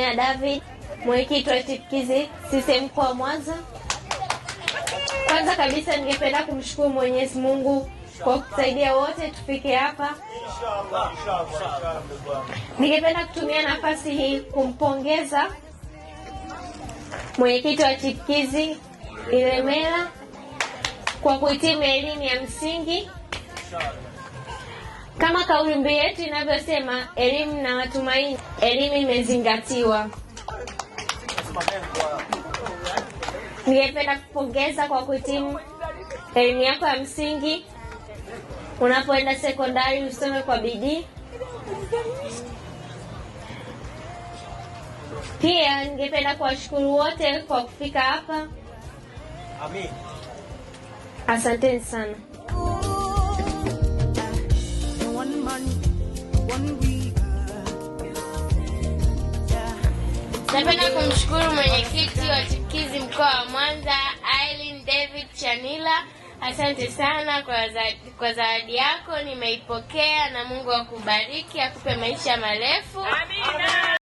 na David, mwenyekiti wa chipukizi CCM mkoa wa Mwanza. Kwanza kabisa ningependa kumshukuru Mwenyezi Mungu kwa kusaidia wote tufike hapa. Ningependa kutumia nafasi hii kumpongeza mwenyekiti wa chipukizi Ilemela kwa kuhitimu elimu ya msingi. Kama kauli mbiu yetu inavyosema, elimu na matumaini, elimu imezingatiwa. Ningependa kupongeza kwa kuhitimu elimu yako ya msingi. Unapoenda sekondari, usome kwa bidii. Pia ningependa kuwashukuru wote kwa kufika hapa. Amin. Asanteni sana. Napenda kumshukuru mwenyekiti wa chipukizi mkoa wa Mwanza, Aileen David Chanila. Asante sana kwa zawadi, kwa zawadi yako nimeipokea, na Mungu akubariki akupe maisha marefu. Amina.